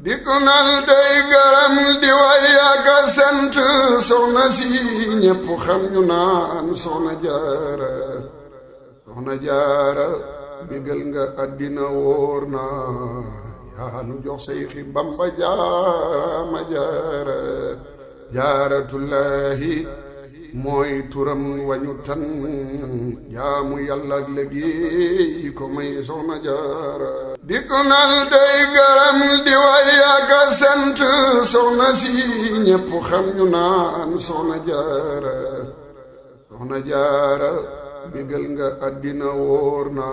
di gunal day garam di way ak sant si ñépp xam ñu naan soxna jaara soxna jaara bégal nga àddina wóor na yaa nu jox say xi bamba jaara ma jaara jaaratullahi mooy turam wañu tan jaamu yàlla ak liggéey ko may soxna jaara di ko nal day garam di way ak sant soxna si xam ñu naan soxna jaara soxna jaara bégal nga àddina wóor na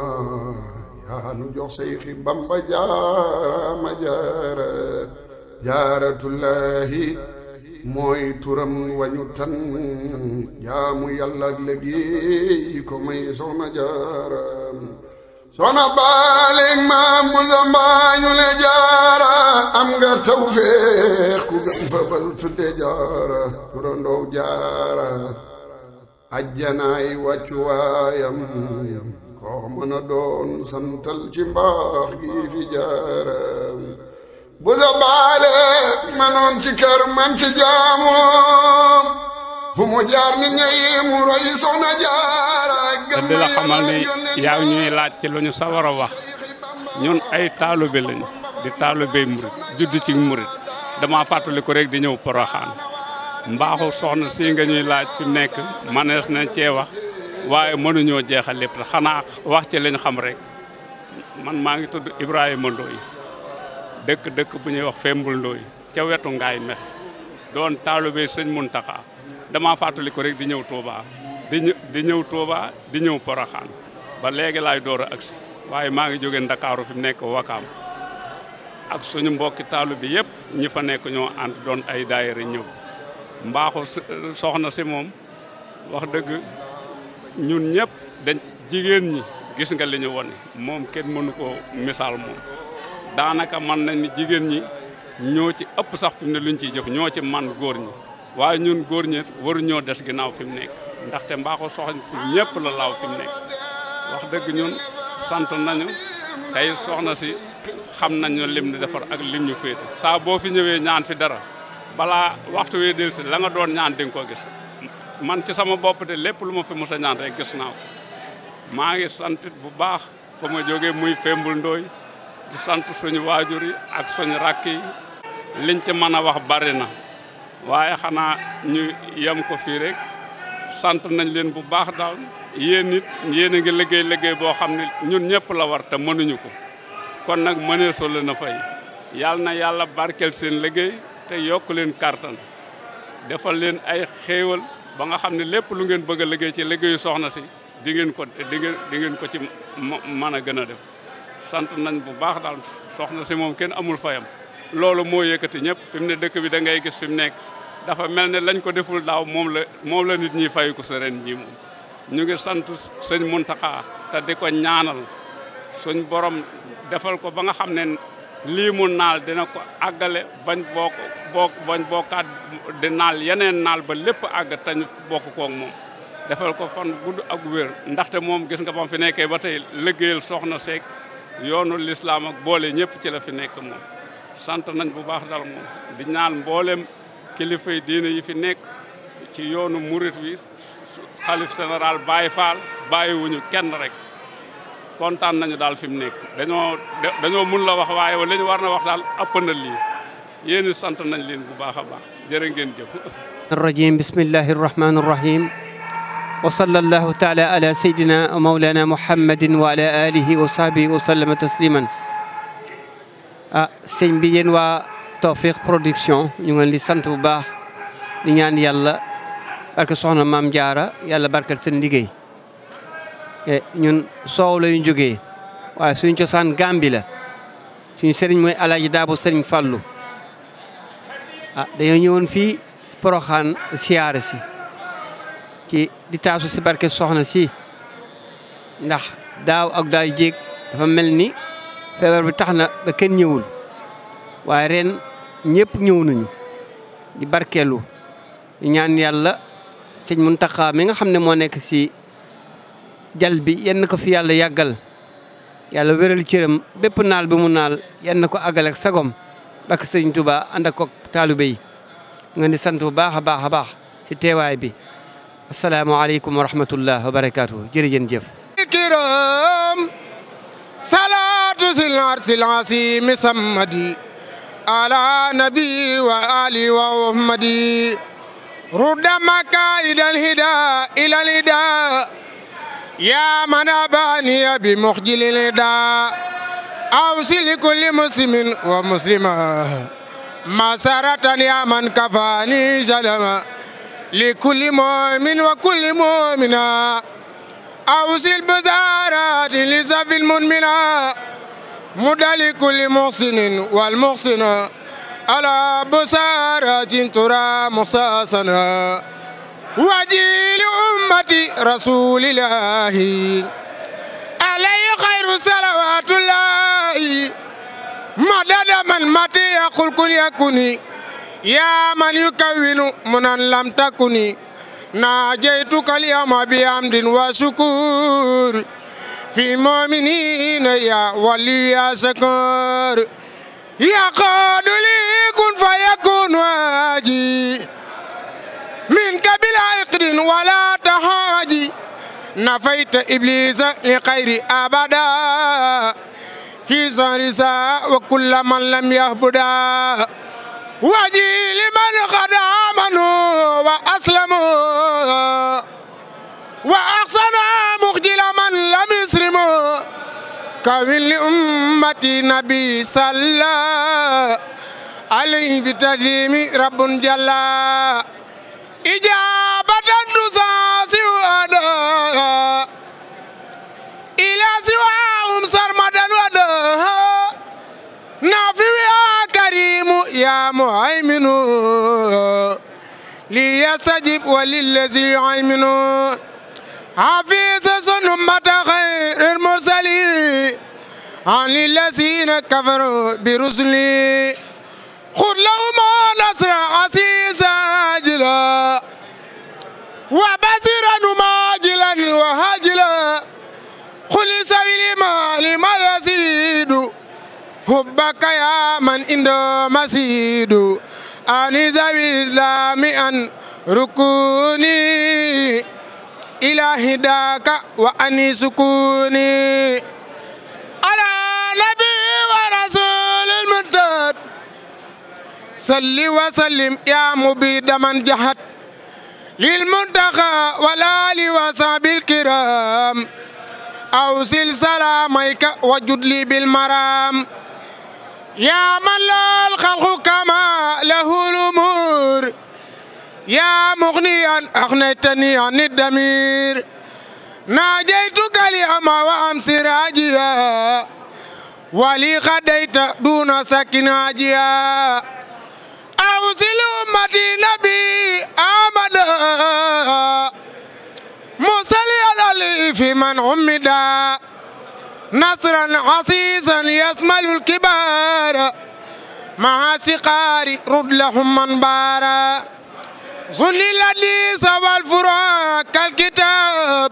yaa nu jox sayxi bamba jaara ma jaara jaaratullahi mooy turam wañu tan jaamu yàlla ak léegi ko may soxna jaaram soxna baaleeg maam bu zambaañu le jaara am nga tawfeex ku gam fa bal tudde jaara turandoow jaara ajjanaay wàccu waayam koo mën doon santal ci mbaax fi jaaram bu sobaale manoon ci kër man ci jaamoom fu mu jaar ni mu roy soxna jaara te di la xamal ni yaa laaj ci lu ñu sawar a wax ñun ay taalibe lañu di taalibe murit judd ci murit dama fàttali rek di ñëw poroxaan mbaaxu soxna si nga ñuy laaj fi nekk manees na cee wax waaye mënuñoo jeexal lépp xanaa wax ci lañ xam rek man maa ngi tudd Ibrahima Ndoye dëkk dëkk bu ñuy wax Fembul Ndooy ca wetu Ngaay Mex doon taalube sëñ Muntaxa damaa fàttali ko rek di ñëw Touba di ñëw Touba di ñëw Poroxaan ba léegi laay door a agsi waaye maa ngi jóge Ndakaaru fi mu nekk Wakaam ak suñu mbokki taalube yëpp ñi fa nekk ñoo ànd doon ay daayira ñëw mbaaxu soxna si moom wax dëgg ñun ñëpp dañ jigéen ñi gis nga li ñu moom kenn mënu ko misaal moom daanaka man nañ ni jigéen ñi ñoo ci ëpp sax fi ne luñ ciy jëf ñoo ci man góor ñi waaye ñun góor ñi waruñoo des ginnaaw fi mu nekk ndaxte mbaaxu soxna si ñëpp la laaw fi nekk wax dëgg ñun sant nañu tey soxna si xam nañu lim ñu defar ak lim ñu féete saa boo fi ñëwee ñaan fi dara balaa waxtu wee del si la doon ñaan di nga ko gis man ci sama bopp de lépp lu ma fi mos a ñaan rek gis naa maa ngi sant bu baax fa ma jógee muy fembul ndooy sant suñu waajur yi ak soñ rakk yi liñ ci mën a wax bari na waaye xanaa ñu yem ko fii rek sant nañ leen bu baax daal yéen it yéen a ngi liggéey liggéey boo xam ne ñun ñëpp la war te mënuñu ko kon nag mënee sole na fay yàlla na yàlla barkeel seen liggéey te yokk leen kàttan defal leen ay xéewal ba nga xam ne lépp lu ngeen bëgg a liggéey ci liggéeyu soxna si di ngeen ko di di ngeen ko ci mën a gën a def sant nañ bu baax daal soxna si moom kenn amul fayam loolu moo yëkkati ñëpp fi mu ne dëkk bi dangay gis fi mu nekk dafa mel ne lañ ko deful daaw moom la moom la nit ñi fay ko sa ren ji moom ñu gis sant sëñ Muntaxa te di ko ñaanal soñ borom defal ko ba nga xam ne lii mu naal dina ko àggale bañ bokk bokk bañ bokkaat di naal yeneen naal ba lépp àgg tañ bokk koog moom defal ko fan gudd ak wér ndaxte moom gis nga bam fi nekkee ba tey liggéeyal soxna seek yoonu lislaamak boole ñëpp ci la fi nekk moom sant nañ bu baax dal moom di ñaan mboolem kilifa yi yi fi nekk ci yoonu murit wi xalif général Baye Fall bàyyiwuñu kenn rek kontaan nañu daal fi mu nekk dañoo mun la wax waaye li ñu war na wax daal ëpp na lii yéen sant nañ leen bu baax a baax jërë ngeen jëf. rajim bismillahi rahmaani rahim. wa sallallahu taala ala sayyidina wa mawlana muhammadin wa ala alihi wa sahbihi wa sallama tasliman ah sëñ bi yéen waa Tawfekh Production ñu ngi leen sant bu baax di ñaan yàlla barke soxna maam jaara yàlla barkal seen liggéey eh, ñun soow la ñu jógee waaye suñu cosaan Gàmbi la suñu sëriñ mooy alaaji daabo sëriñ fàllu ah dañoo ñëwoon fii Poroxaan siyaare si ci di taasu si barke soxna si ndax daaw ak daaw jéeg dafa mel ni feebar bi tax na ba kenn ñëwul waaye ren ñëpp ñëw nañu di barkeelu di ñaan yàlla sëñ Muntaxa mi nga xam ne moo nekk si jal bi yenn ko fi yàlla yàggal yàlla wéral cëram bépp naal bi mu naal yenn ko àggal ak sagom bakk sëñ Tuubaa ànd ak taalu taalibe yi nga di sant bu baax a baax a baax si teewaay bi asalaamaaleykum wa rahmatullah wa barakaatu jërëjën jëf kiram salaatu silar silasi misammadi ala nabi wa ali wa ahmadi rudda makaid alhida ila alhida ya man abaniya bi muxjilil da awsili kulli muslimin wa muslima masaratan ya man kafani jalama لكل مؤمن وكل مؤمنة أوصي البزارات لسف المؤمنة مدى لكل محسن والمحسنة على بصارة ترى مصاصنا وجيل أمة رسول الله عليه خير صلوات الله مدد من مات يقول كن يكوني yaa man yu kawinu mu nan lam takuni naa jeytukal yawma bi hamdin wa sukur fi muminina ya wali ya sakur ya qadu li kun fa yakun waji min kabila iqdin wala tahaji nafayta iblisa li khayri abada fi sanrisa wa kulla man lam yahbuda waji liman qad amanu wa aslamu wa ahsana mukhjila man lam yusrimu kawil li ummati nabi salla alayhi bi taslimi rabbun jalla ijabatan tusasiu ada ila siwa يا مهيمن ليستجب وللذي يهيمن حفيظ أمة خير المرسلين عن الذين كفروا برسلي خذ لهم نصرا عزيزا أجلا وبصيرا حبك يا من عنده مسيد أني ذوي الإسلام أن ركوني إلى هداك وأني سكوني على نبي ورسول المدد صل وسلم يا مبيد من جحد للمنتقى والآل وصحب الكرام أوصل سلاميك وجد لي بالمرام يا من لا الخلق كما له الأمور يا مغنيا أغنيتني عن الدمير ناجيتك اليوم وأم سراجيا ولي غديت دون سكناجيا أوصل أمتي نبي أحمد مصلي على في من عمدا nasran asiisan yasmalul kibaara maa siqaari rud lahum man baara zullil adliisa wal furaa kal kitaab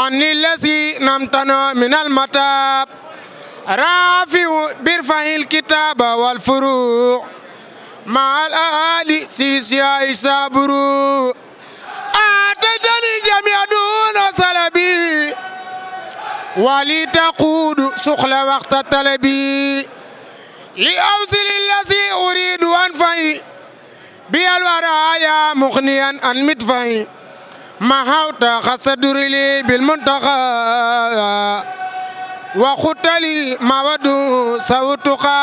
ani lasi namtana min al mataab raafiu birfahil kitaaba wal furuu maa al aali siisiyaay saaburu aataytani jamia wali taquudu suxla waxta talabi li awsili lasi uridu an fay bi alwaraya muxniyan an mit fay ma hawta xasadurili bil muntaxa wa xutali ma wadu sawtuxa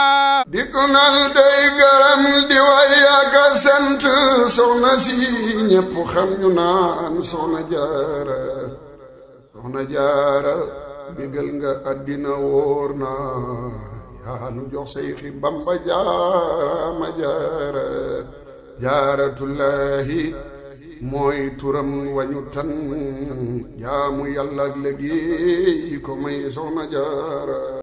di kunal day garam di wayaka sant soxna si ñëpp xam ñu naan soxna jaara soxna jaara gël nga àddina wóor na yaa nu jox Seyxi Bamba jaarama jaara jaaratullahi mooy turam wañu tan jaamu yàlla ak léegi ko may soxna jaara